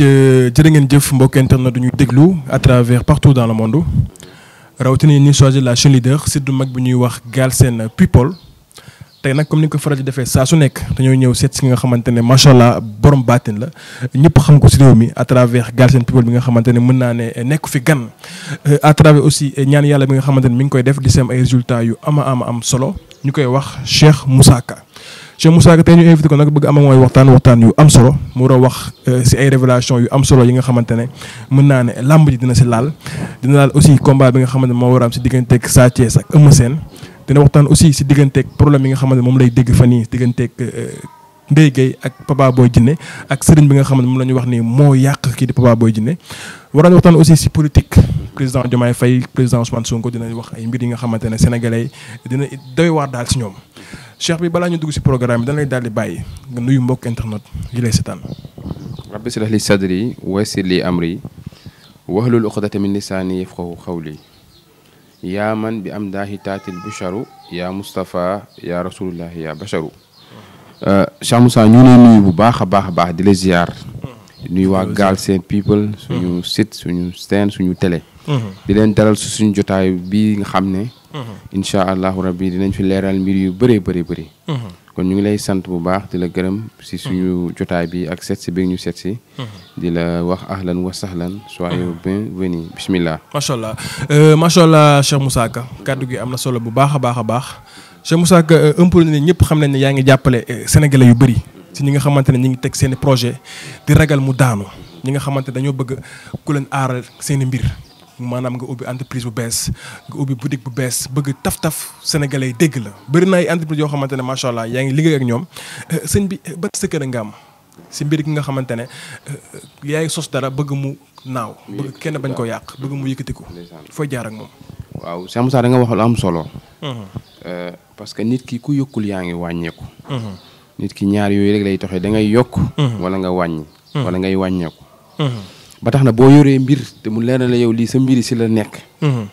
ngeen internet de à travers partout dans le monde ni choisir la chaîne leader site de mag bi wax Galsen People comme ni ko faral di su nek ñew set ci nga xamantene machallah borom la xam à travers Galsen People bi nga xamantene mëna euh, à travers aussi euh, ñaan yalla bi nga mi ngi koy def di résultats yu ama solo wax Cheikh Cheikh Moussa Ka tey ñu invité ko nag bëgg am ak mooy waxtaan waxtaan yu am solo mu war a wax euh, si ay révélation yu am solo yi nga xamante ne mën naa ne làmb ji dina si laal dina laal aussi combat bi nga xamante ne moo war a si digganteeg Sa Thiès ak Eumeu Sène dina waxtaan aussi si digganteeg problème yi nga xamante ne moom lay dégg fan yii digganteeg euh, euh, ak Papa Boy Djiné ak sëriñ bi nga xam ne moom la ñu wax nii moo yàq kii di Papa Boy Djiné war nañu waxtaan aussi si politique président Diomaye fay président Ousmane Sonko dina wax ay mbir yi nga xamante ne sénégalais dina doy waar daal si ñoom cheikh bi bala ñu dugg ci programme bi dañ lay dal di bàyyi nga nuyu mbokk internet yi lay setaan rabbi ishrah li sadri waysir li amri wahlul uqdata min lisani yafqahu qawli ya man bi am daahi taatil busharu ya Moustapha ya rasulullah ya basharu Cheikh Moussa ñu lay nuyu bu baax a baax a baax di la ziar nuyu waa Galsen People suñu site suñu steen suñu télé di leen dalal suñu jotaay bi nga xam ne Mm-hmm. incha allahu rabbi dinañ fi leeral mbir yu bëree bëri bëri mm-hmm. kon ñu ngi lay sant bu baax di la gërëm si suñu mm-hmm. jotaay bi ak seet si bi ñu seet si di la wax ahlan wa sahlan soyez bienvenue bismillah macha allah euh, macha allah Cheikh Ka kàddu gi am na solo bu baax a baax a baax Cheikh Moussa Ka euh, ëmpal ne ñëpp xam nañ ne yaa ngi jàppale euh, sénégalais yu bëri si ñi nga xamante ne ñu ngi teg seen projet di ragal mu daanu ñi nga xamante dañoo bëgg ku leen aaral seen mbir maanaam nga ubbi entreprise bu bees nga ubbi boutique bu bees bëgg taf-taf sénégalais yi dégg la bëri na ay entreprise yoo xamante ne macha allah yaa ngi liggéey ak ñoom eh, bi ba sa kër nga am si gi nga xamante ne eh, yaa sos dara bëgg mu naaw bëgg kenn bañ ko yàq bëgg mu yëkkatiku fooy jaar ak moom waaw Cheikh Moussa da nga wax am solo mhm. eh, parce que nit ki ku yokkul yaa ngi wàññeeku mhm. nit ki ñaar yooyu rek lay toxe da ngay yokk mhm. wala nga wàññi wala ngay wàññeeku ba tax na boo yoree mbir te mu leer na la yow lii sa mbiri si la nekk mhm.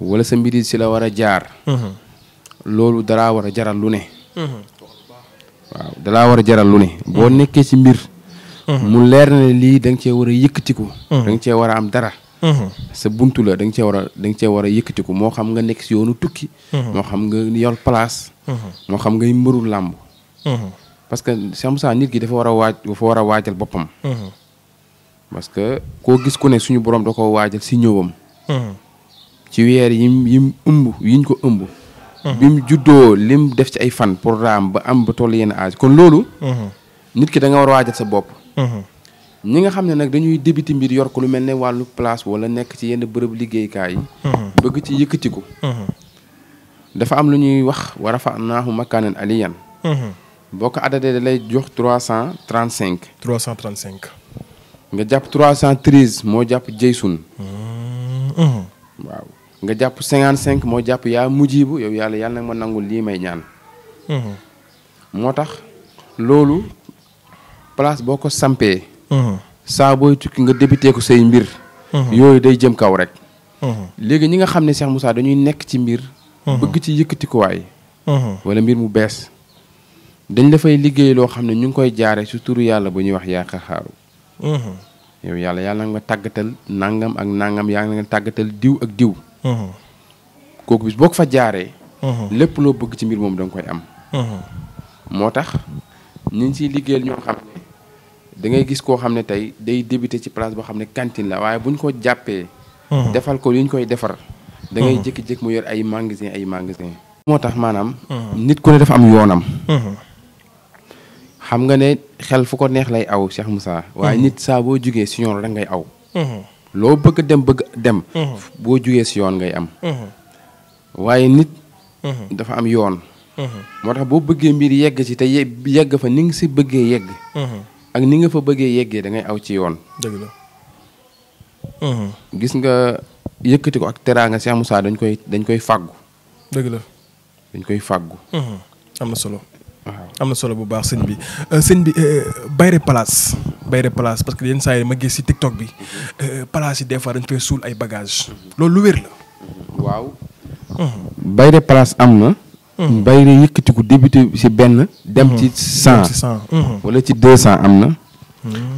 wala sa mbiri si la war a jaar mhm. loolu dalaa war a jaral lu ne mhm. dalaa war a jaral ne boo nekkee si mbir mu leer na lii da nga cee war a yëkkatiku da nga cee war a am dara sa bunt la da nga cee war a da nga war a yëkkatiku moo xam nga nekk si yoonu tukki moo xam nga yor place moo xam ngay mbëru làmb parce que sam saa nit ki dafa war a waaj war a waajal boppam parce que ko gis ku ne suñu borom da ko waajal si ñewam hmm. ci wér yim yim umb yiñ ko umb hmm. bim juddo lim def ci ay fan programme ba am ba toll yeen âge kon lolu hmm. nit ki da nga war waajal sa bop ñi nga xamne nak dañuy débiti mbir yor ko lu melne walu place wala nek ci yeen bëreub liggéey kay bëgg ci ko dafa am lu ñuy wax wa rafa'nahu makanan aliyan boo ko adadee da lay jox 335 335 nga japp 313 moo jàpp jeysun mm-hmm. mm-hmm. waaw nga japp 55 mo japp ya mujibu yow yalla yalla nak ma nangul li may ñaan hmm motax lolu place boko sampé hmm sa boy tukki nga débuté ko sey mbir mm-hmm. yoy day jëm kaw rek hmm légui ñi nga xamné Cheikh Moussa dañuy nekk ci mbir bëgg ci yëkëti ko way hmm wala mbir mu bees dañ la fay liggéey lo xamné ñu ngi koy jaaré ci turu yalla bu ñuy wax ya yaa hmm Mm-hmm. yow yàlla yàlla nga ma tàggatal nangam ak nangam yàlla nga tàggatal diw ak diw. Mm-hmm. kooku bis boo ko fa jaaree. Mm-hmm. lépp loo bëgg ci mbir moom danga koy am. moo tax ñu ngi siy liggéeyal ñoo xam ne da ngay gis koo xam ne tey day débuté ci place boo xam ne cantine la waaye bu ñu ko jàppee. defal ko li ñu koy defar. da ngay jékki mu yor ay magasin ay magasin moo tax maanaam. nit ku ne dafa am yoonam. xam nga ne xel fu ko neex lay aw Cheikh Moussa. waaye mhm. nit saa boo jógee si yoon rek ngay aw. Mhm. loo bëgg dem bëgg dem. Mhm. boo jugee si yoon ngay am. waaye nit. dafa am yoon. moo tax boo bëggee mbir yegg ci te yegg fa ni nga si bëggee yegg. ak ni nga fa bëggee yeggee dangay aw ci yoon. dëgg la. gis nga yëkkati ko ak teraanga seex musa dañ koy dañ koy fàggu. dëgg la dañ koy fàggu. am na solo. am na solo bu baax sëñ bi euh, sëñ bi euh, Bayre place Bayre place parce que yenn saa yi ma gis si TikTok bi euh, place yi des fois dañ fay suul ay bagages loolu lu wér la. waaw. Hum. Bayre place am na. Hum. Bayre ko débuté si benn. dem ci hum. cent wala ci deux cent am na.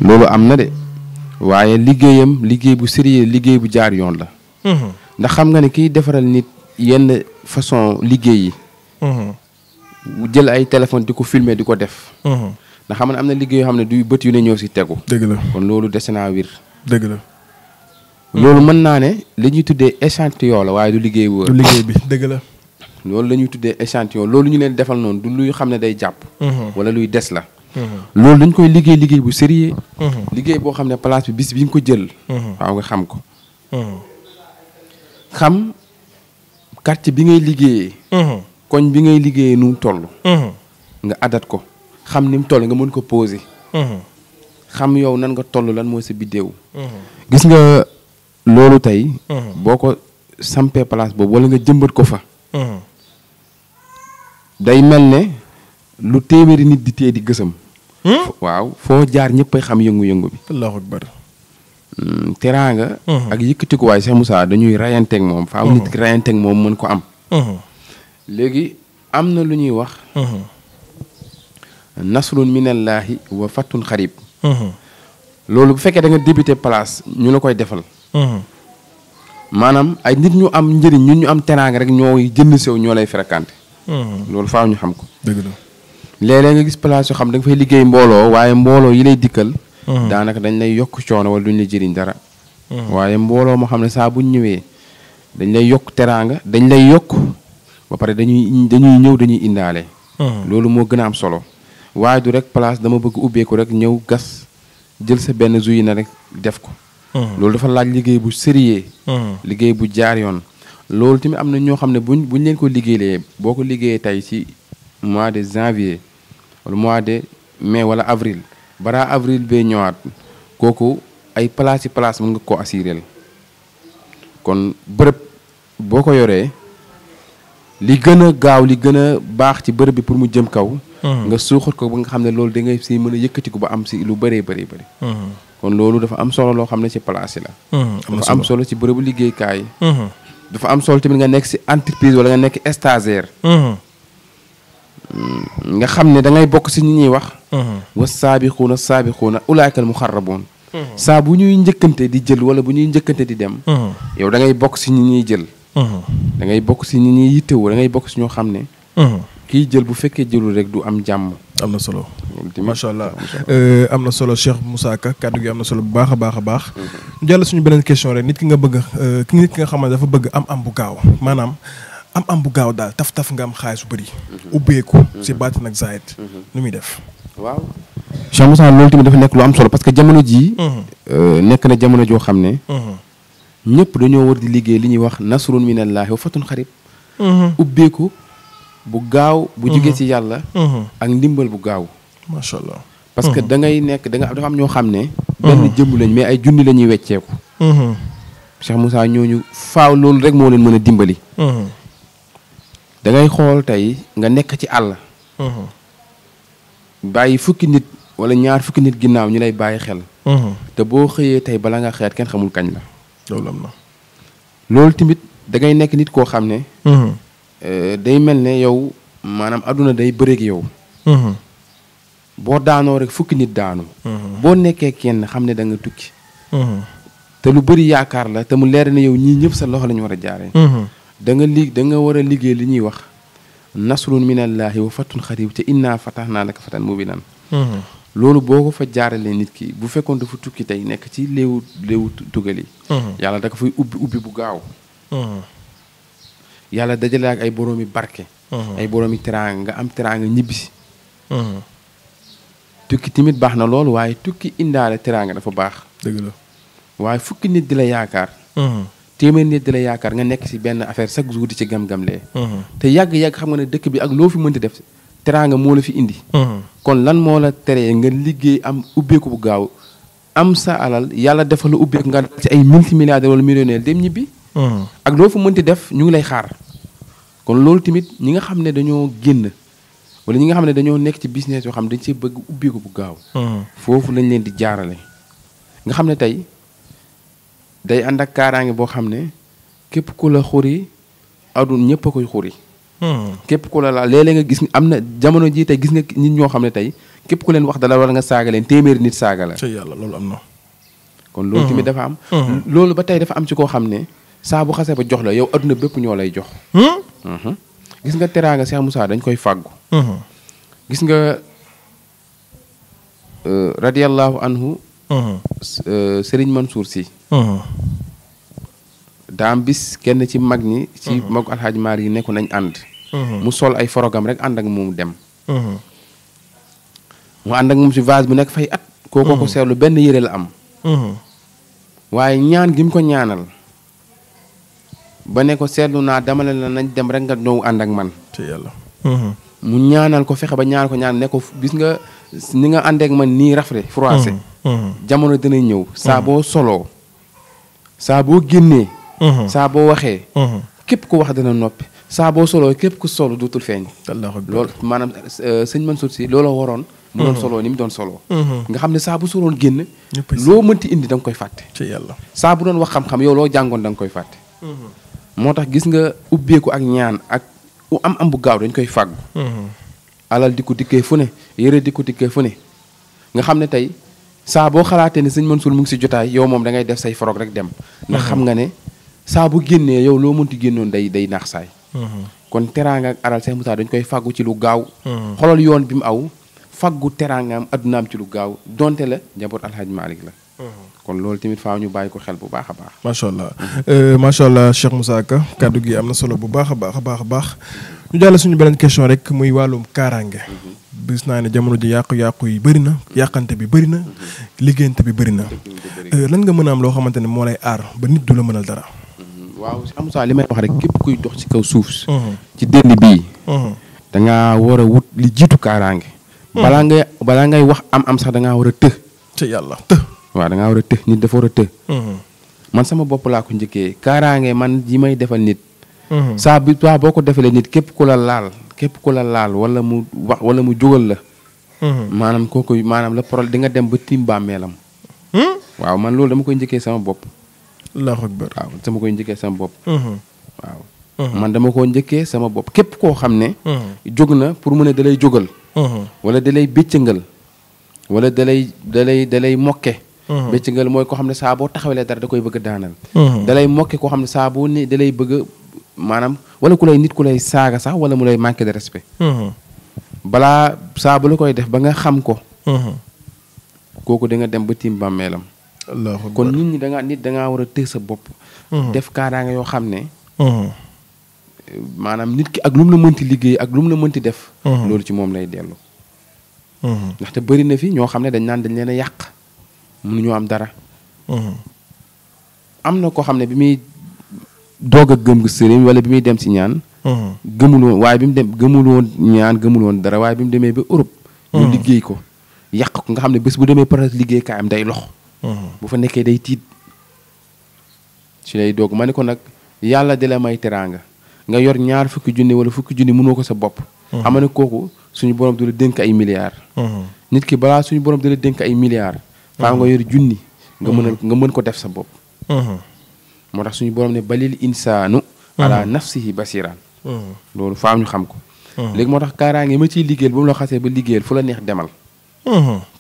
loolu am na de waaye liggéeyam liggéey bu sérieux liggéey bu jaar yoon la. ndax xam nga ne kiy defaral nit yenn façon liggéey yi. jël ay téléphone di ko filmer di ko def. Mhm. ndax xam ne am na liggéey yoo xam ne du bët yu ne ñëw si tegu. dëgg la kon loolu dese naa wir. la. loolu mën naa ne li ñuy tuddee échantillon la waaye du liggéey wóor. liggéey bi dëgg la. loolu la ñuy tuddee échantillon loolu ñu leen defal noonu du luy xam ne day jàpp. Mhm. wala luy des la. Mhm. loolu dañ koy liggéey liggéey bu sérieux. liggéey boo xam ne place bi bis bi nga ko jël. waaw nga xam ko. xam quartier bi ngay liggéeyee. koñ bi ngay liggéeyee nu mu toll. Mhm. nga adat ko xam ni mu toll nga mën ko poser. Mhm. xam yow nan nga toll lan mooy sa biddéew. Mhm. gis nga loolu tey. boo ko sampee place boobu wala nga jëmbat ko fa. day mel ne lu téeméeri nit di tee di gësam. Hmm? waaw foo jaar ñëppay xam yëngu-yëngu bi. allahu akbar. Hmm, teraanga. ak yëkkatikuwaay Cheikh Moussa dañuy rayanteeg moom. faaw nit ki moom mën ko am. léegi am na lu ñuy wax mhm. nasrun minallaahi wa fattun xarib mhm. loolu bu fekkee da nga débuté ñu la koy defal mhm. maanaam ay nit ñu am njëriñ ñun ñu am teraanga rek ñooy jënd sew ñoo lay fréquenté loolu faaw ñu xam ko dëgg la léeg-léeg nga gis place yoo xam da nga fay liggéey mbooloo waaye mbooloo yi lay dikkal daanaka dañ lay yokk coono wala duñ la jëriñ dara waaye mbooloo moo xam ne saa buñ ñëwee dañ lay yokk teraanga dañ lay yokk ba pare dañuy dañuy ñëw dañuy indaale. Hmm. loolu moo gën a am solo. waaye du rek place dama bëgg ubbeeku rek ñëw gas jël sa benn zuy na rek def ko. Hmm. loolu dafa laaj liggéey bu sérieux. Hmm. liggéey bu jaar yoon. loolu tamit am na ñoo xam ne buñ buñ leen ko liggéeyee boo ko liggéeyee tey ci mois de janvier wala mois de mais wala avril bara avril bee ñëwaat kooku ay place yi place mën nga ko assuré kon bërëb boo ko yoree. li gën a gaaw li gën a baax ci bërëb bi pour mu jëm kaw. Hmm. nga suuxat ko ba nga xam ne loolu da si mën a yëkkatiku ba am si lu bëree bëri bëri. Hmm. kon loolu dafa am solo loo xam ne ci place yi la. Hmm, dafa am solo ci bërëbu liggéeykaay. dafa am solo tamit nga nekk si entreprise wala nga nekk stagiaire. nga xam ne dangay ngay bokk si ñi ñuy wax. wa saabixuuna saabixuuna ulaayka al muxarraboon. saa bu ñuy njëkkante di jël wala bu ñuy njëkkante di dem. yow da bokk si ñu ñuy jël. Mm-hmm. da ngay bokk si ñi ñuy yittewoo da ngay bokk si ñoo xam ne. Mm-hmm. kiy jël bu fekkee jëlul rek du am jàmm. am na solo macha allah euh, am na solo Cheikh Moussa Ka kàddu gi am na solo bu baax a baax a baax. Mm-hmm. ñu jàll suñu beneen question rek nit ki nga bëgg euh, ki nit ki nga xam ne dafa bëgg am am bu gaaw maanaam. am am bu gaaw daal taf taf nga am xaalis bu bëri. ubbeeku si baatin ak zaahir. nu muy def. waaw. Cheikh Moussa loolu tamit dafa nekk lu am solo parce que jamono ji euh, nekk na jamono joo xam ne. ñëpp dañoo war di liggéey li ñuy wax nasrun minallahi wa fatun xarib mhm. ubbeeku bu gaaw bu mhm. jógee ci yàlla mhm. ak ndimbal bu gaaw macha parce que dangay nekk da nga dafa am ñoo xam ne benn jëmm lañ mais ay junni la ñuy wecceeku Cheikh Moussa ñooñu faaw loolu rek moo leen mën a dimbali dangay ngay xool tey nga nekk ci àll bàyyi fukki nit wala ñaar fukki nit ginnaaw ñu lay bàyyi xel te boo xëyee tey bala nga xeet kenn xamul kañ la loolu am na. loolu tamit da ngay nekk nit koo xam ne. Mhm. Euh, day mel ne yow maanaam àdduna day bëreeg yow. Mhm. boo daanoo rek fukki nit daanu. Mhm. boo nekkee kenn xam ne da tukki. te lu bëri yaakaar la te mu leer ne yow ñii ñëpp sa loxo la war a jaaree. da nga li da nga liggéey li ñuy wax. nasrun minallaahi wa fatun xarib te innaa fatahnaa laka fatan mubinan loolu boo ko fa jaaralee nit ki bu fekkoon fu tukki tey nekk ci léewu léewu tugal yi. Mhm. yàlla da ko ubbi ubbi bu gaaw. Mhm. yàlla dajale ak ay boroomi barke. Mhm. ay boroomi teraanga nga am teraanga ñibbisi. tukki tamit baax na loolu waaye tukki indaale teraanga dafa baax. dëgg la waaye fukki nit di la yaakaar. téeméer nit di la yaakaar nga nekk si benn affaire chaque jour di ci gam-gamlee. te yàgg-yàgg xam nga ne dëkk bi ak loo fi mënti def. teraanga moo la fi indi. Mm-hmm. kon lan moo la teree nga liggéey am ubbeeku bu gaaw am sa alal yàlla defal la ubbeeku nga ci ay multimilliardaire wala millionnaire dem ñibbi. Mm-hmm. ak loo fa mënti def ñu ngi lay xaar. kon loolu tamit ñi nga xam ne dañoo génn wala ñi nga xam ne dañoo nekk ci business yoo xam dañ see bëgg ubbeeku bu gaaw. Mm-hmm. foofu lañ leen di jaarale. nga xam ne tey day ànd ak kaaraange boo xam ne képp ku la xuri adun ñëpp a koy xuri. képp ku la laa léeg-léeg nga gis am na jamono jii tey gis nga nit ñoo xam ne tey képp ku leen wax dala war nga saaga leen téeméeri nit saaga la. yàlla loolu am na. kon loolu tamit hmm. dafa am. Hmm. loolu ba tey dafa am ci koo xam ne saa bu xasee ba jox la yow adduna bépp ñoo lay jox. Hmm? gis nga teraanga Cheikh Moussa dañ koy fàggu. gis nga euh, radiyallahu anhu. Euh, Serigne Mansour si. daa am bis kenn ci mag ñi. ci mhm. magu alxaaji maar yi nekku nañ ànd. Mhm. mu sol ay forogam rek ànd ak moom dem. Mhm. mu ànd ak moom si vase bu nekk fay at. kookoo ko seetlu benn yére la am. waaye ñaan gi mu ko ñaanal. ba ne ko seetlu naa dama la nañ dem rek nga ñëw ànd ak man. mu ñaanal ko fexe ba ñaan ko ñaan ne ko gis nga ni nga àndeek man nii rafet. froissé. jamono dina ñëw. saa boo soloo saa boo génnee. Mm-hmm. saa boo waxee. Mm-hmm. képp ku wax dana noppi saaboo boo soloo képp ku solo dootul feeñ. loolu maanaam euh, sëñ Mansour si looloo waroon. mu doon mm-hmm. soloo ni mu doon soloo nga xam ne saa bu soloon génn. loo mënti indi da nga koy fàtte. ci yàlla saa doon wax xam-xam yow loo jàngoon da koy fàtte. moo tax gis nga ubbeeku ak ñaan ak u am am bu gaaw dañ koy fàggu. alal di ko dikkee fu ne yëre di ko dikkee fu ne nga xam ne tey saa xalaatee ne sëñ Mansour mu ngi si jotaay yow moom da ngay def say forog rek dem. ndax xam nga ne. Sabu bu génnee yow loo mënti génnoon day day naax saay mhm. kon teranga aral Cheikh Moussa dañ koy fagu ci lu gaaw mhm. xolal yoon bi mu aw am aduna am ci lu gaaw donte la njaboot alhaj malik la mhm. kon lol timit faaw ñu bayiko xel bu baax baax macha allah euh, macha allah Cheikh Moussa Ka kaddu gi amna solo bu baax baax baax baax ñu jall suñu benen question rek muy walum karange bis na ne jamono ji yaq yaq yi bari na yaqante bi bari na bi bari na euh, lan nga mëna am lo xamantene mo lay ar ba nit du la mënal dara waaw am Moussa li may wax rek képp kuy dox ci kaw suuf mhm. ci dënn bii mhm. da ngaa war a wut li jiitu kaaraange mhm. bala ngay bala ngay wax am am sax da ngaa war a të te yàlla të waaw da ngaa war a nit dafa war a man sama bopp laa ko njëkkee kaaraange man yi may defal nit saa bi saa boo ko defalee nit képp ku la laal képp ku la laal wala mu wax wala mu jógal la maanaam kooku maanaam la problème di nga dem ba melam. bàmmeelam hmm? waaw man loolu dama koy njëkkee sama bop. allahu akbar waaw sama koy njëkkee sama bopp. Mhm. waaw. Mhm. man dama koo njëkkee sama bopp képp koo xam ne. Mhm. jóg na pour mu ne dalay jógal. wala dalay bëccëngal. wala dalay dalay dalay mokke. bëccëngal mooy koo xam ne saa boo dara da koy bëgg daanal. dalay mokke koo xam ne saa boo ne dalay bëgg maanaam wala ku lay nit ku lay saaga sax wala mu lay manqué de respect. balaa saa la koy def ba nga xam ko. kooku da nga dem ba tiim bàmmeelam. kon nit ñi da nit da war a tëj sa bopp. Mhm. def kaaraange yoo xam ne. Mhm. maanaam nit ki ak lu mu la mënti liggéey ak lu mu la mënti def. Mhm. loolu ci moom lay dellu. ndaxte bëri na fi ñoo xam ne dañ naan dañ leen a yàq mënuñoo am dara. am na koo xam ne bi muy doog a gëm sëriñ wala bi muy dem ci ñaan. gëmul waaye bi mu dem gëmul woon ñaan gëmul dara waaye bi mu demee ba Europe. ñu liggéey ko yàq ko nga xam ne bés bu demee par liggéey kaayam day lox. bu fa nekkee day tiit ci lay doog ma ne ko nag yàlla di la may teraanga nga yor ñaar fukki junni wala fukki junni mënoo ko sa bopp mhm. ama ne kooku suñu borom du la dénk ay milliards mhm. nit ki balaa suñu borom du dénk ay milliards faa nga mhm. yor junni nga mën nga mën ko def sa bopp moo tax suñu borom ne balil insaanu ala nafsihi basiran loolu faaw ñu xam ko léegi moo tax kaaraange ma ciy liggéeyal ba mu la xasee ba liggéeyal fu la neex demal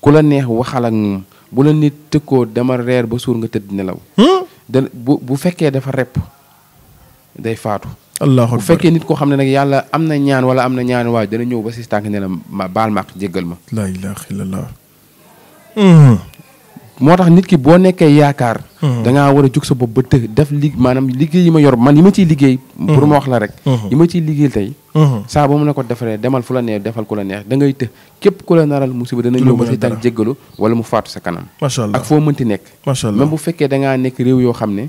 ku la neex waxal ak moom bu la nit tëkkoo demal reer ba suur nga tëdd nelaw. Hmm? da bu bu fekkee dafa repp day faatu. bu fekkee nit koo xam ne nag yàlla am na ñaan wala am na ñaan waay dana ñëw ba si tànk ne la ma baal ma ak jéggal ma. la ilaha illallah. Hmm. moo tax nit ki boo nekkee yaakaar. Hmm. da ngaa war a jug sa bopp ba të def li maanaam liggéey yi ma yor man yi ma ciy liggéey. Hmm. pour ma wax la rek. Hmm. yi ma ciy liggéey tey. saa ba mu ne ko defaree demal fu la neex defal ku la neex da ngay të képp ku musiba dana ñëw ba si tax jéggalu wala mu faatu sa kanam. macha allah ak foo mënti nekk. macha allah même bu fekkee da nekk réew yoo xam ne.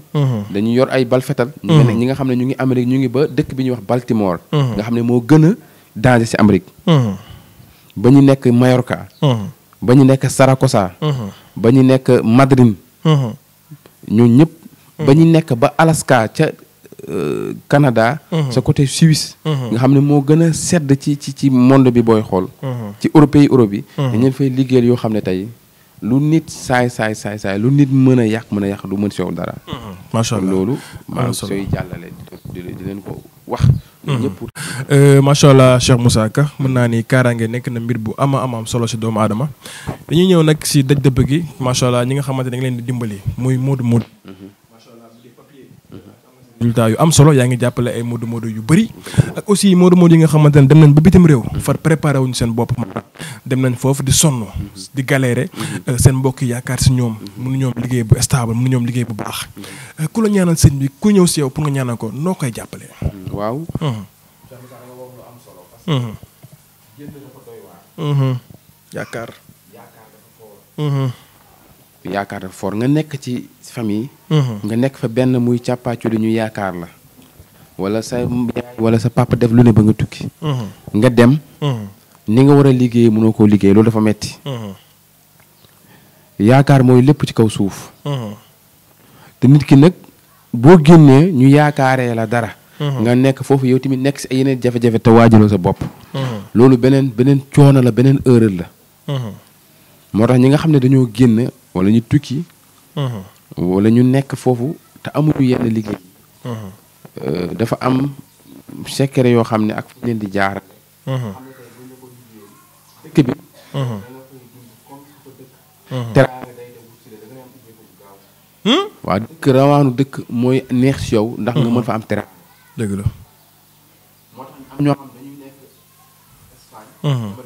dañuy yor ay bal fetal. ñi nga xam ne ñu ngi Amérique ñu ngi ba dëkk bi ñuy wax Baltimore. nga xam ne moo gën a danger si Amérique. ba ñu ba ñu nekk Sarakossa. Mhm. ba ñu nekk Madrid. Mhm. ñooñu ñëpp. Mhm. ba ñu nekk ba Alaska ca euh, Canada. sa côté Suisse. nga xam ne moo gën a sedd ci ci ci monde bi booy xool. ci Europe yi Europe yi. dañu liggéeyal yoo xam ne tey. lu nit saay saay saay saay lu nit mën a yàq mën a yàq du mën si yow dara. macha allah loolu. maa ngi sooy jàllale di leen ko wax. Hmm. ñëpp euh, macha allah Cheikh Moussa Ka mën naa ni kaaraange nekk na mbir bu ama ama am solo si doomu aadama dañuy ñëw nag si daj dëpp gi macha allah ñi nga xamante ne leen di dimbali muy Modou Modou. Mhm. résultat yu am solo yaa ngi jàppale ay Modou Modou yu bëri ak aussi Modou Modou yi nga xamante ne dem nañ ba bitim réew far préparé wuñ seen bopp dem nañ foofu di sonn di galérer euh, seen mbokk yaakaar si ñoom mënu ñoom liggéey bu stable mënu ñoom liggéey bu baax euh, ku la ñaanal sëñ bi ku ñëw si yow pour nga ñaanal ko noo koy jàppale waaw yaakaar yaakaar yaakaar dafa fort nga nekk ci famille. Mhm. nga nekk fa benn muy càppaacu lu ñu yaakaar la. wala sa yaay wala sa papa def lu ne ba nga tukki. Mhm. nga dem. Mhm. ni nga war a liggéey mënoo koo liggéey loolu dafa metti yaakaar mooy lépp ci kaw suuf. te nit ki nag boo génnee ñu yaakaaree la dara. nga nekk foofu yow tamit nekk si ay yeneen jafe-jafe te waajaloo sa bopp. loolu beneen beneen coono la beneen erreur la. moo tax ñi nga xam ne dañoo génn wala ñu tukki. Mhm. wala ñu nekk foofu te amuñu yenn liggéey. Mhm. Euh, dafa am secret yoo xam ne ak fu leen di jaar. Mhm. dëkk hmm? waa waaw dëkk rawaanu dëkk mooy neex si yow ndax nga mën fa am terrain. dëgg la. moo tax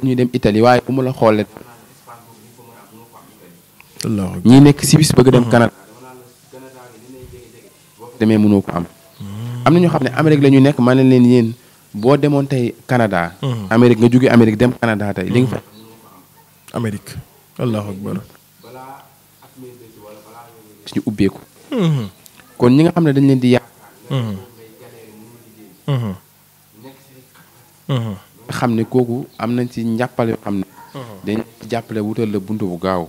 ñuy dem Italie waaye bu mu la xoolee. ñii nekk si bis bëgg dem Canada. demee mënoo ko am. Hmm. am na ñoo xam ne Amérique la ñu nekk man na leen yéen boo demoon tey Canada. Hmm. Amérique nga jóge Amérique dem Canada tey li nga fa. Hmm. Amérique. allahu ñi nga xam ne dañ leen di yàq. ne kooku am nañ ci njàppale yoo xam ne. dañ jàppale wutal la buntu bu gaaw.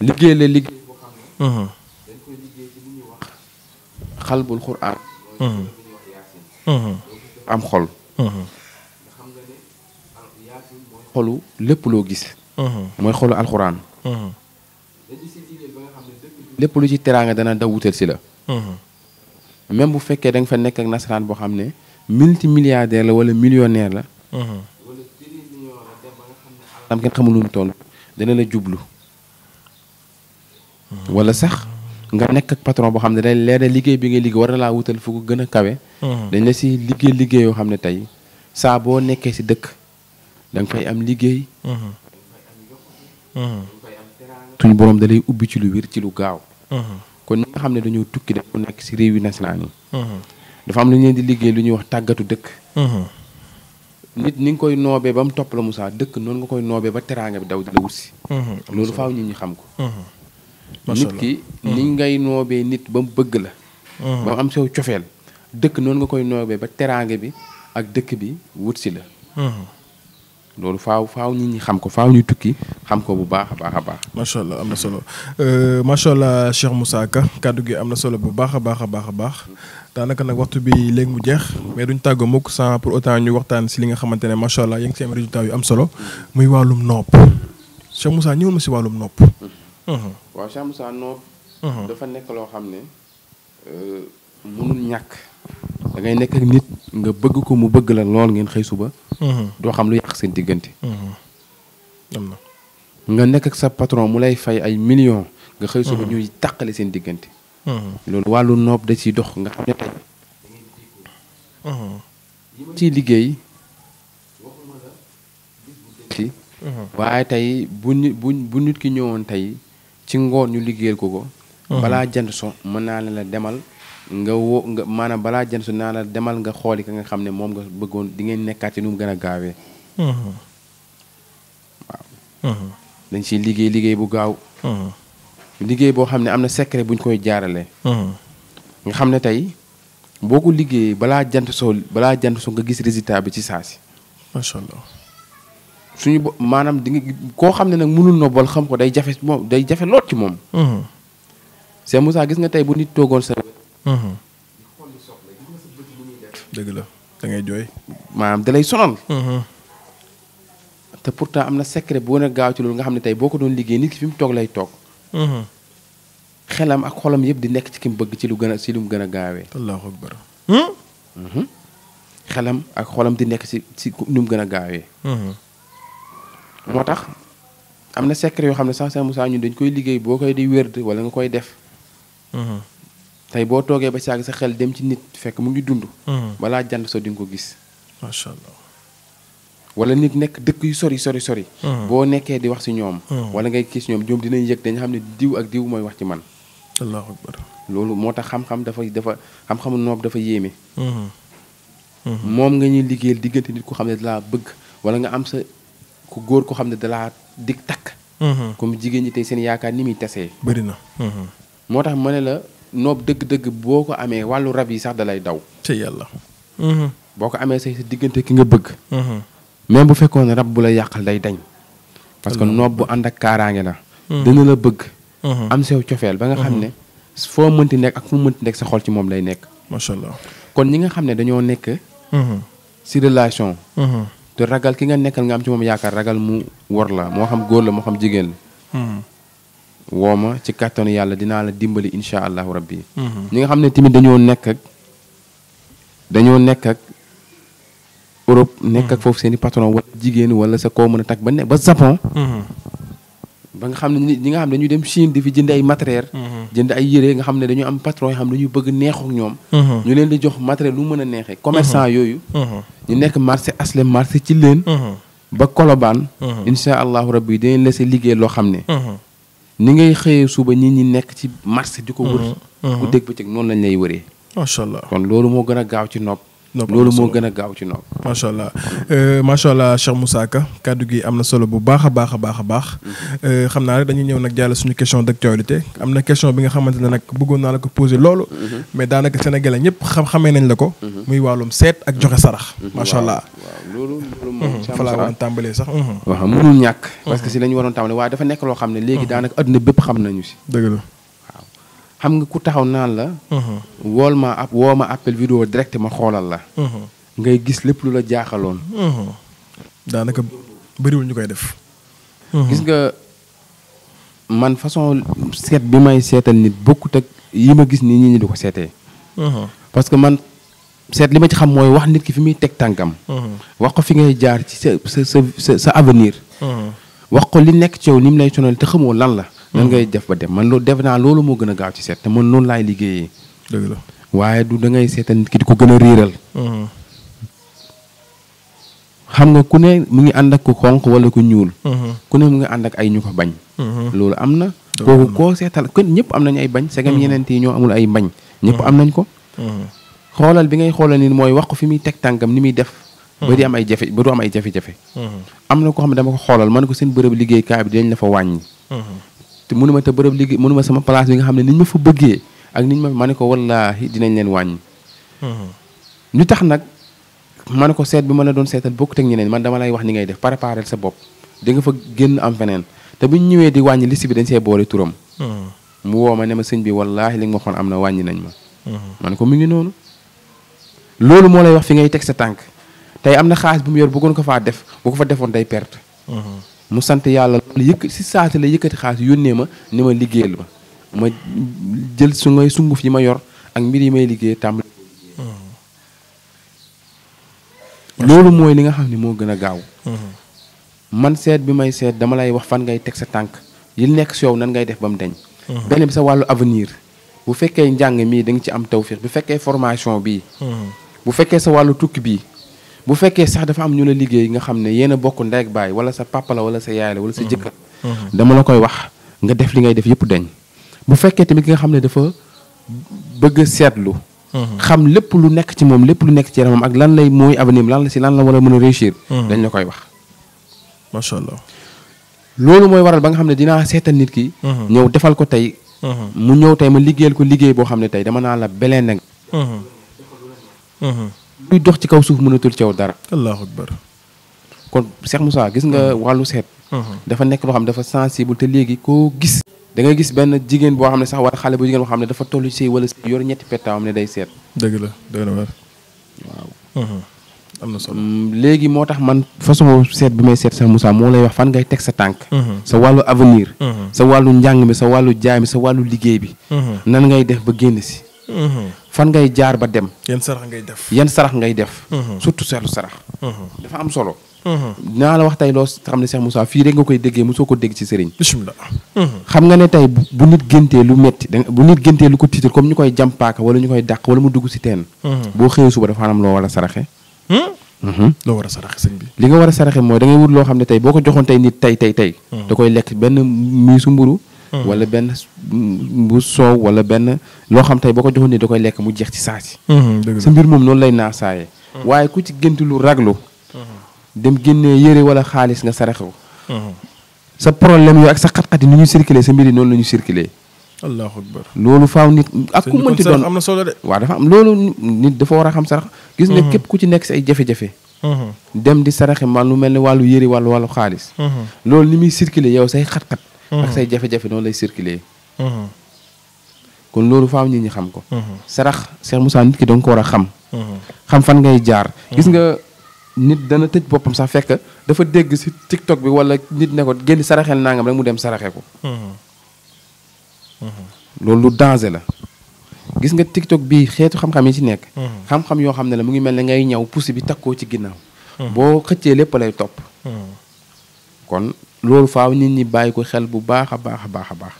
liggéey la liggéey boo xam ne. dañ koy liggéey ci li ñuy wax xalbul xuraan. mooy li ñuy wax yaasin. am xol. nga xam nga ne yaasin mooy xolu lépp loo gis. mooy xolu alxuraan. dañu si liggéey ba nga xam ne dëkk bi lépp lu ci teraanga dana daw wutal si la. même bu fekkee da nga fa nekk ak nasaraan boo xam ne multi milliardaire la wala millionnaire la. wala jëriñ li ñu war a dem ba nga xam ne. am kenn xamul lu mu toll dana la jublu. wala sax nga nekk ak patron boo xam ne day leer liggéey bi ngay liggéey war na laa wutal fu ko a kawe. Mhm. dañ la si liggéey liggéey yoo xam ne tey saa boo nekkee si dëkk da koy am liggéey. Mhm. Mhm. da nga fay ubbi ci lu wér ci lu gaaw. kon ñi nga xam ne dañoo tukki dafa nekk si réew yi nasaraan yi. dafa am lu ñu leen di liggéey lu ñuy wax tàggatu dëkk. nit ni nga koy noobee ba mu topp la Moussa dëkk noonu nga koy noobee ba teraanga bi daw di wutsi loolu faaw nit ñi xam ko. nit ki li mm-hmm. ngay noobee nit ba mu bëgg la mm-hmm. ba mu am sew cofeel dëkk noonu nga koy noobee ba teraange bi ak dëkk bi wut si la mm-hmm. loolu faaw faaw nit ñi xam ko faaw ñu tukki xam ko bu baax a baax a baax. macha allah am na solo euh, macha allah Cheikh Moussa Ka kàddu gi am na solo bu baax a baax baax a baax daanaka nag waxtu bi léegi mu jeex mais duñ tàgg mukk sans pour autant ñu waxtaan si li nga xamante ne macha allah yaa ngi si am résultat yu am solo muy wàllum nopp Cheikh Moussa ñëwul ma si wàllum nopp. Mm-hmm. waaw Cheikh Moussa noob mm-hmm. dafa nekk loo xam ne euh, mënul ñàkk da ngay nekk ak nit nga bëgg ko mu bëgg la lool ngeen xëy suba mm-hmm. doo xam lu yàq seen diggante am nga nekk ak sa patron mu lay fay ay millions nga xëy suba ñuy tàqale seen diggante loolu wàllu noob da ciy dox nga xam ne ci liggéey waaye tey bu nit ki ñëwoon tey ci ngoon ñu liggéeyal ko ko. Mhm. balaa jant so mën naa la demal nga woo nga maanaam balaa jant so naa la demal nga xooli ka nga xam ne moom nga bëggoon di ngeen nekkaat ci nu mu gën a gaawee. Mhm. waaw. Mhm. dañ siy liggéey liggéey bu gaaw. liggéey boo xam ne am na secret bu ñu koy jaarale nga xam ne tey boo ko liggéeyee balaa jant so balaa jant so nga gis résultat ci saa si. suñu maanaam di nga koo xam ne nag mënul nobbal xam ko day jafe moom day jafe lool ci moom. Mm-hmm. Cheikh musaa gis nga tey bu nit toogoon sa. Mm-hmm. dëgg la da jooy. maanaam da lay sonal. Mm-hmm. te pourtant am na secret bu gën a gaaw ci loolu nga xam ne tey boo ko doon liggéey nit ki fi mu toog lay toog. xelam ak xolam yëpp di nekk ci ki mu bëgg ci lu gën a si lu mu gën a gaawee. allahu akbar. Hmm? xelam ak xolam di nekk ci ci nu mu gën a gaawee. moo tax am na secret yoo xam ne sax Sëñ Moussa ñun dañ koy liggéey boo koy di wérd wala nga koy def. Mhm. tey boo toogee ba saag sa xel dem ci nit fekk mu ngi dund. Mhm. balaa jant so di ko gis. macha allah. wala nit nekk dëkk yu sori sori sori. Mhm. boo nekkee di wax si ñoom. wala ngay gis ñoom ñoom dinañ yëg dañ xam ne diw ak diw mooy wax ci man. allahu akbar loolu moo tax xam-xam dafa dafa xam-xamu noob dafa yéeme. moom nga ñuy liggéeyal diggante nit ku xam ne dalaa bëgg wala nga am sa ku góor ko xam ne dalaa dig takk. Mhm. comme jigéen ñi tey seen yaakaar ni muy tasee. bëri na. Mhm. moo tax ma ne la noob dëgg-dëgg boo ko amee wàllu rab yi sax dalay daw. te yàlla. Mhm. boo ko amee say sa diggante ki nga bëgg. même bu fekkoon rab bu la yàqal day dañ. parce que noob bu ànd ak kaaraange la. dina la bëgg. am sew cofeel ba nga xam ne foo mënti nekk ak fu mënti nekk sa xol ci moom lay nekk. macha allah kon ñi nga xam ne dañoo nekk. si relation. te ragal ki nga nekkal nga am ci moom yaakaar ragal mu war la moo xam góor la moo xam jigéen la hmm. ma ci kàttanu yàlla dinaa la dimbali incha allahu rabbi hmm. ñi nga xam ne tamit dañoo nekk ak dañoo nekk ak Europe nekk ak hmm. foofu seen patron jigéen wala sa koo mën a takk ba ne ba Japon ba nga xam ne ñi nga xam ne dañuy dem Chine di fi jënd ay matériel mhm. jënd ay yére nga xam ne dañu am patron yoo xam ne dañuy bëgg neexook ñoom mhm. ñu leen di jox matériel lu mën a neexee commerçant mhm. yooyu ñu nekk marché aslem marché ci leen ba kolobaan insha allahu rabbi dinañ la see liggéey loo xam ne ni ngay xëyee suba nit ñi nekk ci marché di ko wër ku dégg bëccëg noonu lañ lay wëree kon loolu moo gën a gaaw ci nopp loolu moo gën a gaaw ci nopp macha allah euh, macha allah Cheikh Moussa kàddu gi am na solo bu baax a baax a baax a baax euh, xam naa rek dañuy ñëw nag jàll suñu question d'actualité am na question bi nga xamante ne nag bëggoon naa la ko poser loolu mhm. mais daanaka sénégalais ñëpp xam xamee nañ la ko mhm. muy wàllum seet ak joxe sarax mhm. macha allah loolu loolu moom fa laa waroon tàmbalee sax waaw ñàkk parce que si lañu waroon tàmbalee waaye dafa nekk loo xam ne léegi daanaka adduna bépp xam nañu si dëgg la xam nga ku taxaw naan la. Mhm. wool ma ab woo ma appel vidéo direct ma xoolal la. Mhm. ngay gis lépp lu la jaaxaloon. Mhm. daanaka bëriwul ñu koy def. gis nga man façon seet bi may seetal nit bokk ak yi ma gis nii ñi di ko seetee. parce que man seet li ma ci xam mooy wax nit ki fi muy teg tànkam. wax ko fi ngay jaar ci sa sa sa sa avenir. wax ko li nekk ci yow ni mu lay sonal te xamoo lan la. nan hmm. ngay def ba dem man loolu def naa loolu moo gën a gaaw ci seet te man noonu laay liggéeyee. la waaye du da ngay seetal nit ko gën a riiral. Hmm. xam nga ku ne mu ngi ànd ak ku xonq wala ku ñuul. Hmm. ku ne mu ngi ànd ak ay ñu ko bañ. loolu am na. kooku koo seetal kon ñëpp am nañu ay bañ. segam yeneen yi ñoo amul ay bañ. ñëpp am nañ ko. xoolal bi ngay xoolal ni mooy wax ko fi muy teg tànkam ni muy def. ba di am ay jafe ba du am ay jafe-jafe mm-hmm. am na ko xam ne dama ko xoolal man ko seen bërëb liggéeykaay bi dinañ la fa wàññi mm-hmm. te mënu te bërëb liggéey mënu ma sama place bi nga xam ne niñ ma fa bëggee ak niñ ma ma ne ko wallaahi dinañ leen wàññi ñu mm-hmm. tax nag ma ne ko seet bi ma la doon seetal bokk teg ñeneen man dama lay wax ni ngay def préparer sa bopp di nga fa génn am feneen te bu ñëwee di wàññi liste bi dañ see boole turam mu woo ma ne ma sëñ bi wallaahi li nga am na wàññi nañ ma ma ne ko mu ngi noonu loolu moo lay wax fi ngay teg sa tànk tey am na xaalis bu mu yor bëggoon ko faa def bu ko fa defoon day perte. Mhm. mu sant yàlla loolu si saati la yëkkati xaalis yónnee ma ni ma liggéeyal ma ma jël su yi ma yor ak yi may liggéey tàmbali. Mhm. loolu mooy li nga xam ne moo gën a gaaw. Mhm. man seet bi may seet dama lay wax fan ngay teg sa tànk yi nekk si yow nan ngay def ba mu deñ. beneen bi sa wàllu avenir. bu fekkee njàng mii danga nga ci am tawféex bu fekkee formation bii. bu fekkee sa wàllu tukki bii. bu fekkee sax dafa am ñu la liggéey nga xam ne yéen a bokk ndeeg baay wala sa papa la wala sa yaay la wala sa jëkkër dama la koy wax nga def li ngay def yëpp dañ bu fekkee tamit nga xam ne dafa bëgg a seetlu xam lépp lu nekk ci moom lépp lu nekk ci yaramam ak lan lay mooy avenir lan la si lan la war a mën a réussir dañ la koy wax macha allah loolu mooy waral ba nga xam ne dinaa seetal nit ki ñëw defal ko tey mu ñëw tey ma liggéeyal ko liggéey boo xam ne tey dama naa la beleen na luy dox ci kaw suuf mënatul caw dara. allahu akbar. kon Cheikh Moussa gis nga mm-hmm. wàllu seet. Mm-hmm. dafa nekk loo xam dafa sensible te léegi koo gis. da ngay gis benn jigéen boo xam ne sax war xale bu jigéen boo xam ne dafa toll ci wala yor ñetti pettaawam ne day seet. dëgg la dëgg la mm-hmm. am na solo mm, léegi moo tax man façon seet bi may seet Cheikh musa moo lay wax fan ngay teg sa tànk. sa wàllu avenir. sa wàllu njàng mi sa wàllu jaay mi sa wàllu liggéey bi. nan ngay def ba génn si. fan ngay jaar ba dem. yan sarax ngay def yan sarax ngay def. Mm-hmm. surtout seetlu sarax. Mm-hmm. dafa am solo. Mm-hmm. naa la wax tey loo xam ne Cheikh Moussa fii rek nga koy déggee mosoo ko dégg ci sëriñ. xam nga ne tey bu nit géntee lu metti bu nit géntee lu ko tiital comme ñu koy jàmpaaka wala ñu koy dàq wala mu dugg si teen. boo xëyee suba dafa anam loo war a saraxe. Hmm? loo war a saraxe li nga war a saraxe mooy da wut loo xam ne tey boo ko joxoon tey nit tey tey tey. da koy lekk benn miisu mburu wala benn mbuus soow wala benn loo xam tey boo ko joxoon ni da koy lekk mu jeex ci saa si sa mbir moom noonu lay naasaaye waaye ku ci gént lu raglu dem génnee yére wala xaalis nga saraxe ko sa problème yooyu ak sa xat-xat yi ni ñu circulé sa mbir yi noonu la ñu circulé allahu akbar loolu faaw nit ak ku mënti doon am na solo de waaw dafa am loolu nit dafa war a xam sarax gis nga képp ku ci nekk si ay jafe-jafe dem di saraxe man lu mel ne wàllu yére wàllu wàllu xaalis loolu ni muy circulé yow say xat-xat ak say mhm. jafe-jafe noonu lay circuler mhm. kon loolu faaw nit ñi xam ko mhm. sarax seex Moussa nit ki da ko war a xam xam fan ngay jaar gis nga nit dana tëj boppam sax fekk dafa dégg si tiktok bi wala nit ne ko génn saraxel nangam rek mu dem saraxe ko loolu lu la gis nga tiktok bi xeetu xam-xam yi ci nekk xam-xam yoo xam ne la mu ngi mel ne ngay ñaw pusi bi takkoo ci ginnaaw boo xëccee lépp lay topp kon loolu faaw nit ñi bàyyi ko xel bu baax a baax a baax a baax.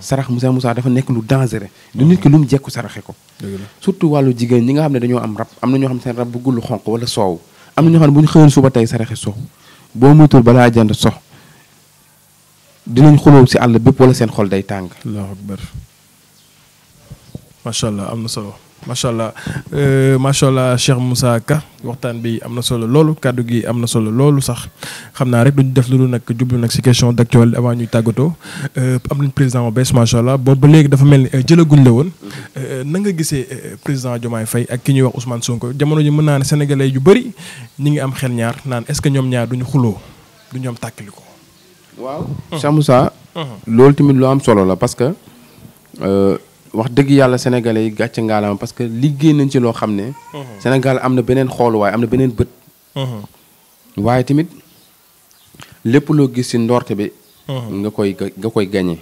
sarax musa musa dafa nekk lu dangereux. du nit ki lu mu jekku saraxe ko. surtout wàllu jigéen ñi nga xam ne dañoo am rab am na ñoo xam seen rab bu gul xonq wala soow. am na ñoo xam ne bu ñu xëyoon suba tey saraxe sox boo moytuwul balaa jant sox dinañ xuloo si àll bépp wala seen xol day tàng. allahu akbar macha allah am na solo. macha allah euh, macha allah Cheikh Moussa Ka waxtaan bi am na solo loolu kàddu gi am na solo loolu sax xam naa rek duñu def lu dul nag jublu nag si question d' actualité avant ñuy tàggatoo euh, am nañ président bu bees macha allah boobu léegi dafa mel ni euh, jëlaguñ la woon. na nga gisee président Diomaye fay ak ki ñuy wax Ousmane Sonko jamono ji mën naa ne sénégalais yu bëri ñu ngi am xel ñaar naan est ce que ñoom ñaar duñu xuloo du ñoom tàkkali ko. waaw hmm. Cheikh Moussa. Hmm. loolu tamit lu am solo la parce que. wax deug yàlla sénégalais yi gàcce ngaalaama parce que liggé nañ ci lo xamné Sénégal amna benen xol way amna benen beut bët. waaye tamit lépp lo gis ci ndorte bi. nga koy nga koy gagné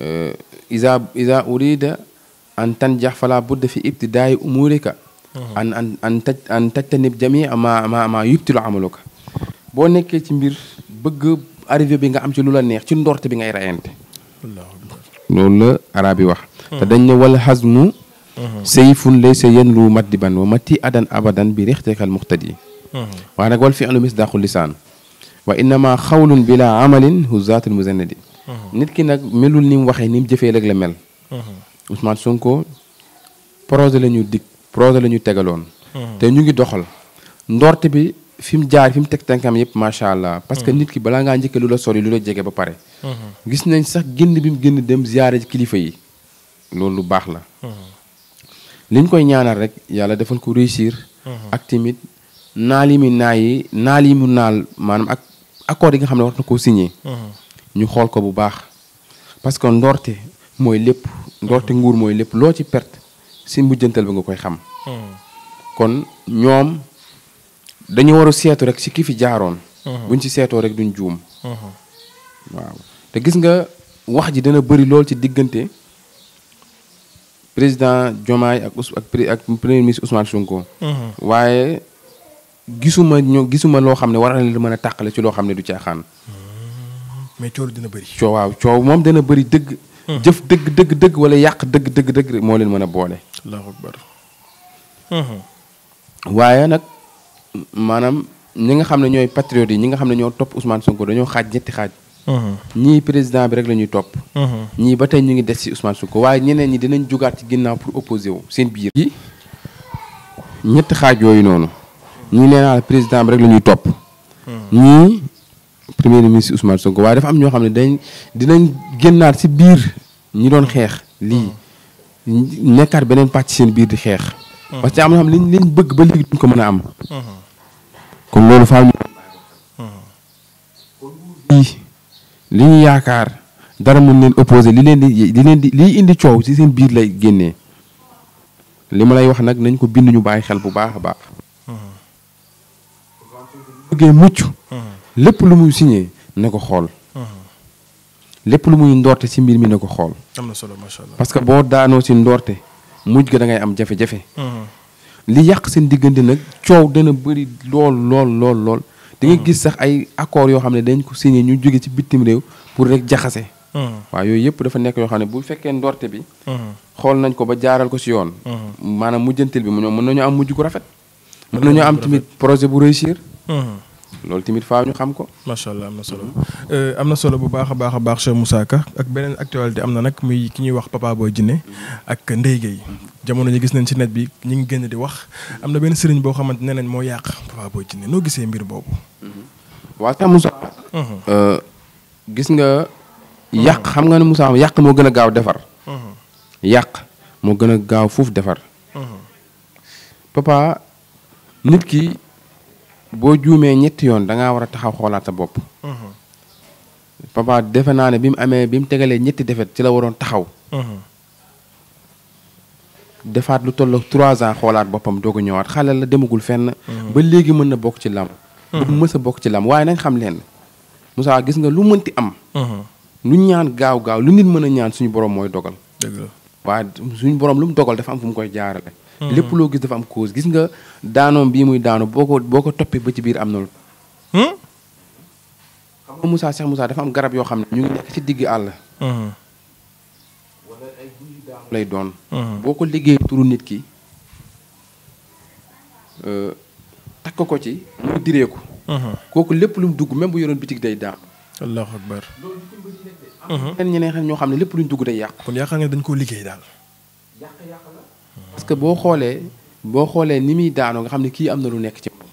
euh iza iza urida an tanjah fala budda fi ibtidai umurika an an an taj an tajtanib jami ma ma ma yubtil amaluka bo nekké ci mbir bëgg arrivé bi nga am ci lula neex ci ndorte bi ngay rayenté لولا عربي واخ تدن نوال حزمو سيف ليس ينلو مدبا ومتي أدن أبدا بريختك المقتدي وأنا أقول في أنه مصداق اللسان وإنما خول بلا عمل هو ذات المزندي نيت كي نك ملول نيم واخي نيم جيفي لك لا مل عثمان سونكو بروجي لا نيو ديك بروجي لا نيو تيغالون تي نيغي دوخال ndorte bi fi mu jaar fi mu teg tànkam yëpp macha allah. parce que mm-hmm. nit ki balaa ngaa njëkkee lu la sori lu la jege ba pare. Mm-hmm. gis nañ sax génn bi mu génn dem ziyaare kilifa yi loolu lu baax la. Mm-hmm. liñ koy ñaanal rek yàlla defal ko réussir. ak tamit naal yi muy naa yi naal yi mu naal maanaam ak accord yi nga xam ne war na koo signé. ñu xool ko bu baax parce que ndoorte mooy lépp. ndoorte nguur mooy lépp loo ci perte si mujjantal bi nga koy xam. kon ñoom. dañu war a seetu rek si ki fi jaaroon. Uh-huh. buñ ci seetoo rek duñ juum. Uh-huh. waaw te gis nga wax ji dana bëri lool ci diggante président Diomaye ak Ous ak premier ministre Ousmane Sonko. Uh-huh. waaye gisuma ñoo gisuma loo xam ne war na leen mën a tàqale ci loo xam ne du caaxaan. mais coow dina bëri. coow waaw coow moom dana bëri dëgg. jëf dëgg dëgg dëgg wala yàq dëgg dëgg dëgg moo leen mën a boole. allahu akbar. waaye nag. maanaam ñi nga xam ne ñooy patriotes yi ñi nga xam ne ñoo topp Ousmane Sonko dañoo xaaj ñetti xaaj. Mhm. ñii président bi rek la ñuy topp. Mhm. ñii ba tey ñu ngi des ci Ousmane Sonko waaye ñeneen ñi dinañ jugaat ci ginnaaw pour opposé wu seen biir. yi xaaj yooyu noonu. ñii nee naa président rek la ñuy topp. Mhm. ñii premier ministre Ousmane Sonko waaye dafa am ñoo xam ne dañ dinañ génnaat ci biir ñi doon xeex lii. nekkaat beneen pàcc seen biir di xeex. parce que am na xam liñ liñ bëgg ba léegi duñ ko mën a am. kon loolu faaw ñu. li ñu yaakaar dara mun leen opposé li leen di li leen di liy indi coow ci seen biir lay génne li ma lay wax nag nañ ko bind ñu bàyyi xel bu baax a baax. bëggee mucc. lépp lu muy signé na ko xool. lépp lu muy ndoorte ci mbir mi ne ko xool. am na solo macha parce que boo daanoo ci ndoorte mujj ga dangay am jafe-jafe. Mm-hmm. li yàq seen diggante nag coow dana bëri lool lool lool lool. da nga hmm. gis sax ay accords yoo xam ne dañ ko signé ñu jóge ci bitim réew pour rek jaxase. Hmm. waa yooyu yëpp dafa nekk yoo xam ne bu fekkee ndorte bi. Hmm. xool nañ ko ba jaaral ko si yoon. maanaam mujjantil bi mu ñoom mën nañu am mujj gu rafet. mën nañu am tamit projet bu réussir. loolu tamit faaw ñu xam ko. macha allah am na solo am na solo bu baax a baax a baax Cheikh Moussa Ka ak beneen actualité am na nag muy ki ñuy wax Papa Boy Djiné ak Ndeye Gueye jamono ji gis nañ ci net bi ñu ngi génn di wax am na benn sëriñ boo xamante ne nañ moo yàq Papa boo Djiné noo gisee mbir boobu. Mm-hmm. waaw Cheikh Moussa. Mm-hmm. Euh, gis nga. yàq mm-hmm. xam nga ne Moussa yàq moo gën a gaaw defar. yàq moo gën a gaaw foofu defar. papa nit ki. boo juumee ñetti yoon da war a taxaw xoolaat sa bopp. Mhm. papa defe naa ne bi mu amee bi mu tegalee ñetti defet ci la waroon taxaw. Mhm. defaat lu toll trois ans xoolaat boppam doog a ñëwaat xale la demagul fenn. Mhm. ba léegi mën na bokk ci làmb. bu mës a bokk ci làmb waaye nañ xam leen Moussa gis nga lu mënti am. lu ñaan gaaw gaaw lu nit mën a ñaan suñu borom mooy dogal. dëgg waaye suñu borom lu mu dogal dafa am fu mu koy jaarale. Hmm. lépp loo gis dafa am cause gis nga daanoom bii muy daanu boo ko boo ko toppee ba ci biir am na lu. Hmm? xam nga Moussa Cheikh dafa am garab yoo xam ne ñu ngi nekk ci digg àll. Hmm. wala lay doon. boo ko liggéey turu nit ki euh, takk ko ci mu diree ko. kooku lépp lu mu dugg même bu yoroon bitig day daanu. allahu akbar. loolu ñeneen ñoo xam ne lépp luñ dugg day yàq. kon dañ koo liggéey daal. parce que boo xoolee boo xoolee ni muy daanoo nga xam ne kii am na lu nekk ci moom.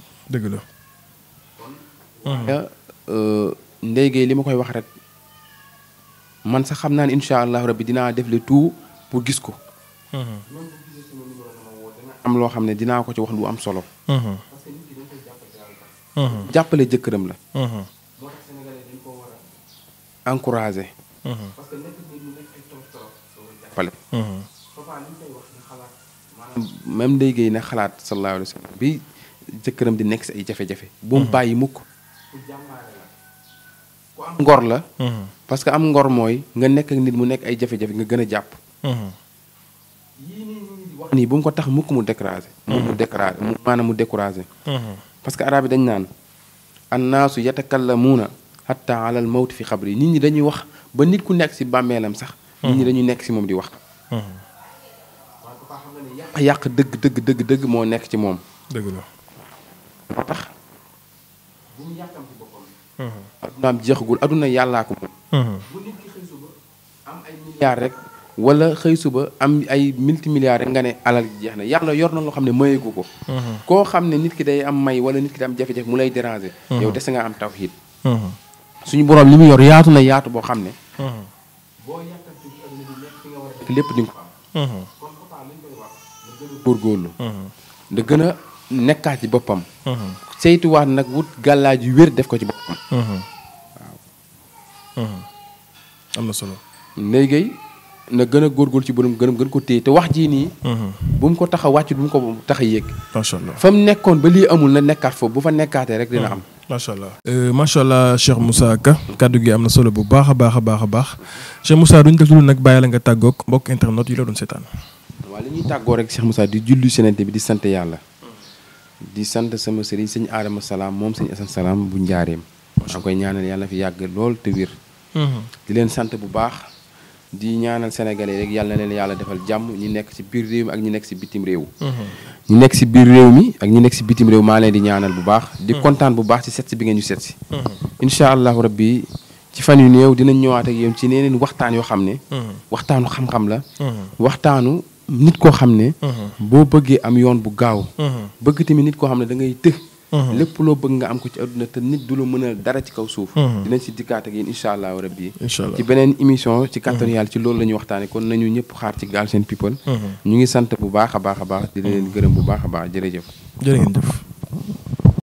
dëgg euh, li ma koy wax rek man sax xam naa ne incha allah rabbi dinaa def le tout pour gis ko. am loo xam ne dinaa ko ci wax lu am solo. jàppale jëkkëram la. encouragé. même Ndeye ne xalaat sallallahu alayhi wa sallam bi jëkkëram di nekk si ay jafe-jafe. bu mu mhm. bàyyi mukk. ku am ngor la. Mhm. parce que am ngor mooy nga nekk ak nit mu nekk ay jafe-jafe nga gën a jàpp. Mhm. yii nii bu mu ko tax mukk mu découragé. mu découragé mu maanaam mu découragé. parce que arabe yi dañ naan annaasu yatakallamuuna hatta alal mawt fi xabri nit ñi dañuy wax ba nit ku nekk si bàmmeelam sax. nit ñi dañuy nekk si moom di wax. yàq dëgg dëgg dëgg dëgg moo nekk ci moom. dëgg la. moo tax. bu mu mhm. jeexagul aduna yàllaa ko moom. Mhm. bu rek. wala xëy suba am ay milti milliards rek nga ne alal jeex na yàlla yor na loo xam ne mayeeku ko. Mhm. koo xam ne nit ki day am may wala nit ki day am jafe-jafe mu lay déranger. yow dese nga am tawhid. suñu borom li mu yor yaatu na yaatu boo xam ne. lépp di góor mhm. da gën a nekkaat ci boppam mhm. saytuwaat nag wut gàllaaj yu wér def ko ci boppam mhm. waaw am na solo léegi na gën a góorgóorlu ci borom gën gën ko téye te wax jii nii bu mu ko tax a wàcc bu mu ko tax a yéeg macha fa mu nekkoon ba lii amul na nekkaat foofu bu fa nekkaatee rek dina am macha allah euh, macha allah Cheikh Moussa Ka kàddu gi am na solo bu baax a baax a baax a baax Cheikh Moussa duñ def lu nag bàyyi la nga tàggoog mbokk internet yi la doon seetaan waaw li ñuy tàggoo rek Cheikh Moussa di julli senente bi di sant yàlla di sant sama sëriñ sëñ Adama Salaam moom sañ Assane Salaam bu njaareem maa koy ñaanal yàlla fi yàgg lool te wér mm-hmm. di leen sant bu baax di ñaanal sénégalais rek yàlla na leen yàlla defal jàmm ñi nekk ci biir réew mi ak ñi nekk ci bitim réew mm-hmm. ñi nekk ci biir réew mi ak ñi nekk ci bitim réew maa leen di ñaanal bu baax di mm-hmm. kontaan bu baax ci set bi ngeen ñu set si incha allahu rabbi ci fan yu néew dinañ ñëwaat ak yéen ci yeneen waxtaan yoo xam ne waxtaanu xam-xam nit koo xam ne. Mhm. boo bëggee am yoon bu gaaw. Mhm. bëgg tamit nit koo xam ne da ngay të. Mhm. lépp loo bëgg nga am ko ci àdduna te nit du la mën a dara ci kaw suuf. dinañ si dikkaat ak yéen incha allah rabbi ci beneen émission ci kàttan ci loolu la ñuy waxtaanee kon nañu ñëpp xaar ci Galsen People. ñu ngi sant bu baax a baax a baax di leen gërëm bu baax a baax jërëjëf. jërë ngeen jëf.